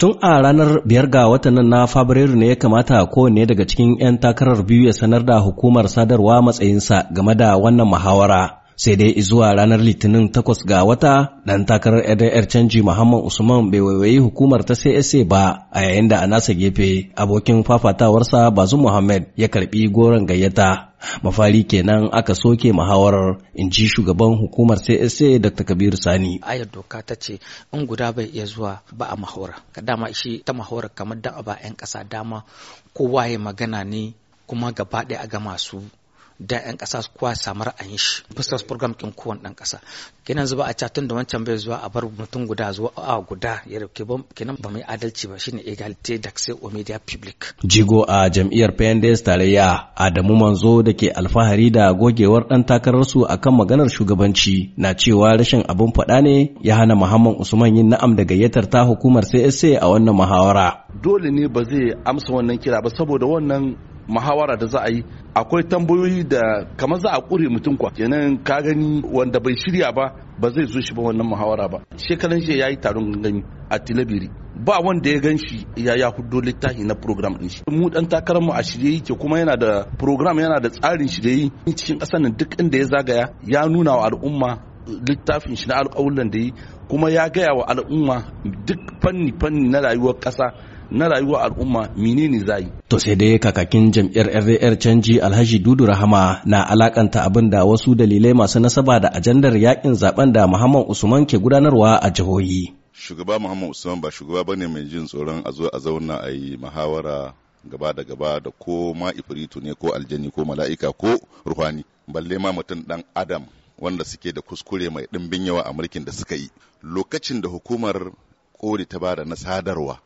Tun a ranar biyar ga watan na Fabrairu ne ya kamata kowanne daga cikin 'yan takarar biyu ya sanar da hukumar sadarwa matsayinsa game da wannan muhawara. sai dai zuwa ranar litinin takwas ga wata dan takarar yar canji muhammad usman bai waiwayi hukumar ta csa ba a yayin da a nasa gefe abokin fafatawarsa bazu muhammad ya karbi goron gayyata mafari kenan aka soke muhawarar in ji shugaban hukumar csa dr kabiru sani ayar doka ta ce in guda bai iya zuwa ba a mahawara ka dama shi ta mahawara kamar da ba 'yan kasa dama kowa ya magana ne kuma gaba ɗaya a ga masu da yan kasa samar samu ra'ayin shi fuskar program ɗin kowane ɗan ƙasa. kenan zuba a catun da wancan bai zuwa a bar mutum guda zuwa a guda ya ba kenan ba mai adalci ba shine egalite da sai o media public jigo a jam'iyyar PNDS tarayya Adamu Manzo da ke alfahari da gogewar dan takararsu akan maganar shugabanci na cewa rashin abin faɗa ne ya hana Muhammad Usman yin na'am da gayyatar ta hukumar CSA a wannan muhawara dole ne ba zai amsa wannan kira ba saboda wannan muhawara da za a yi akwai tambayoyi da kamar za a ƙure mutum kwa kenan ka gani wanda bai shirya ba ba zai zo shi ba wannan muhawara ba shekaran shi ya yi taron gangami a tilabiri ba wanda ya gan shi ya ya hudo littafi na program din shi mu dan takarar mu a shirye yake kuma yana da program yana da tsarin yi cikin kasar nan duk inda ya zagaya ya nuna wa al'umma littafin shi na alƙawuran da yi kuma ya gaya wa al'umma duk fanni fanni na rayuwar ƙasa na rayuwar al'umma menene zai to sai dai kakakin jam'iyyar RAR canji Alhaji Dudu Rahama na alakanta abin da wasu dalilai masu nasaba da ajandar yakin zaben da Muhammad Usman ke gudanarwa a jihohi shugaba Muhammad Usman ba shugaba bane mai jin tsoron a zo a zauna a yi muhawara gaba da gaba da ko ma ifritu ne ko aljani ko mala'ika ko ruhani balle ma mutum dan adam wanda suke da kuskure mai ɗimbin yawa a mulkin da suka yi lokacin da hukumar kori ta bada na sadarwa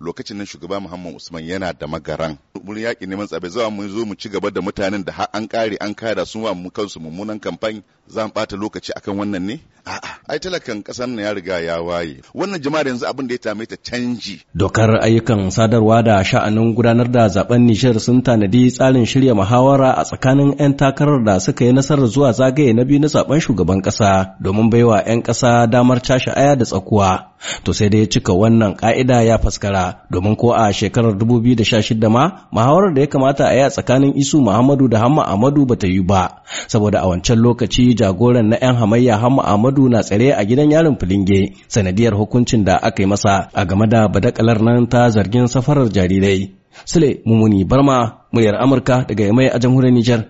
lokacin nan shugaba Muhammad Usman yana da magaran mun yaƙi neman tsabe za mu zo mu ci gaba da mutanen da har an kare an kada sun wa mu kansu mummunan kamfani za mu ɓata lokaci akan wannan ne a'a ai talakan ƙasar nan ya riga ya waye wannan jama'ar yanzu abin da ya tame ta canji dokar ayyukan sadarwa da sha'anin gudanar da zaben Nijar sun tanadi tsarin shirya muhawara a tsakanin 'yan takarar da suka yi nasarar zuwa zagaye na biyu na zaben shugaban ƙasa domin baiwa 'yan ƙasa damar cashe aya da tsakuwa To sai dai cika wannan ka'ida ya faskara domin ko a shekarar 2016 ma muhawarar da ya kamata a yi a tsakanin Isu Muhammadu da Hamma Ahmadu ba ta yi ba saboda a wancan lokaci jagoran na 'yan hamayya Hamma Ahmadu na tsare a gidan yarin Filinge sanadiyar hukuncin da aka yi masa a game da badakalar nan ta zargin safarar jarirai. Sule Mumuni Barma, muryar Amurka daga Yamai a jamhuriyar Nijar.